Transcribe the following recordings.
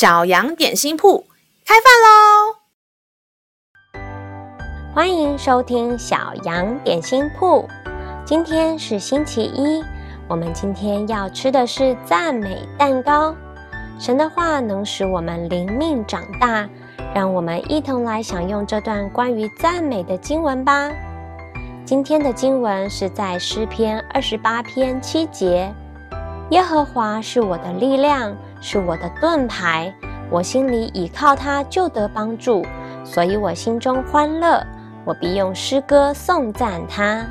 小羊點心鋪開飯嘍！歡迎收聽小羊點心鋪。今天是星期一，我們今天要吃的是讚美蛋糕。神的話能使我們靈命長大，讓我們一同來享用這段關於讚美的經文吧。今天的經文是在詩篇二十八篇七節：“耶和華是我的力量。”是我的盾牌，我心裡倚靠他，就得幫助，所以我心中歡樂。我必用詩歌頌讚他。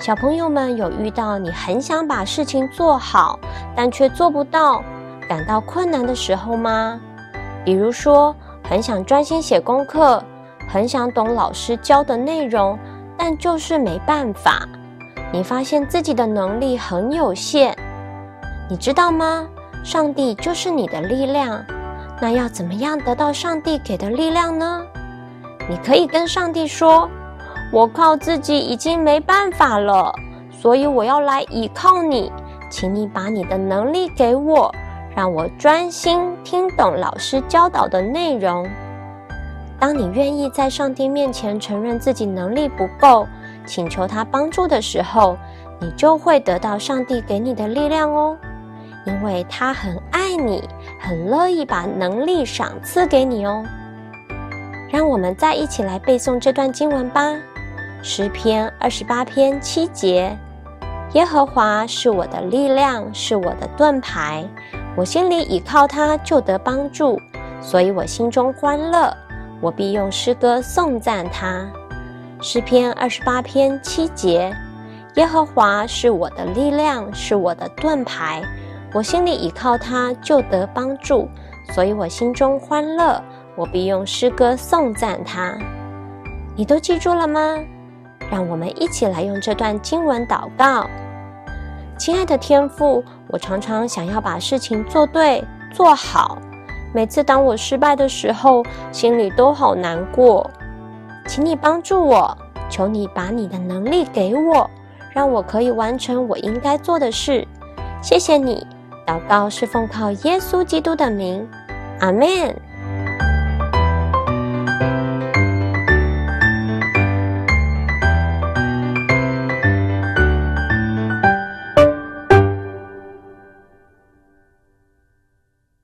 小朋友們，有遇到你很想把事情做好，但卻做不到，感到困難的時候嗎？比如說，很想專心寫功課，很想懂老師教的內容，但就是沒辦法。你發現自己的能力很有限，你知道嗎？上帝就是你的力量，那要怎麼樣得到上帝給的力量呢？你可以跟上帝說：“我靠自己已經沒辦法了，所以我要來倚靠你，請你把你的能力給我，讓我專心聽懂老師教導的內容。”當你願意在上帝面前承認自己能力不夠，請求他幫助的時候，你就會得到上帝給你的力量哦。因為他很愛你，很樂意把能力賞賜給你哦。讓我們再一起來背誦這段經文吧，《詩篇》二十八篇七節：耶和華是我的力量，是我的盾牌，我心裡倚靠他，就得幫助，所以我心中歡樂。我必用詩歌頌讚他。《詩篇》二十八篇七節：耶和華是我的力量，是我的盾牌。我心裡倚靠他，就得幫助，所以我心中歡樂。我必用詩歌頌讚他。你都記住了嗎？讓我們一起來用這段經文禱告。親愛的天父，我常常想要把事情做對、做好。每次當我失敗的時候，心裡都好難過。請你幫助我，求你把你的能力給我，讓我可以完成我應該做的事。謝謝你。禱告是奉靠耶穌基督的名，阿門。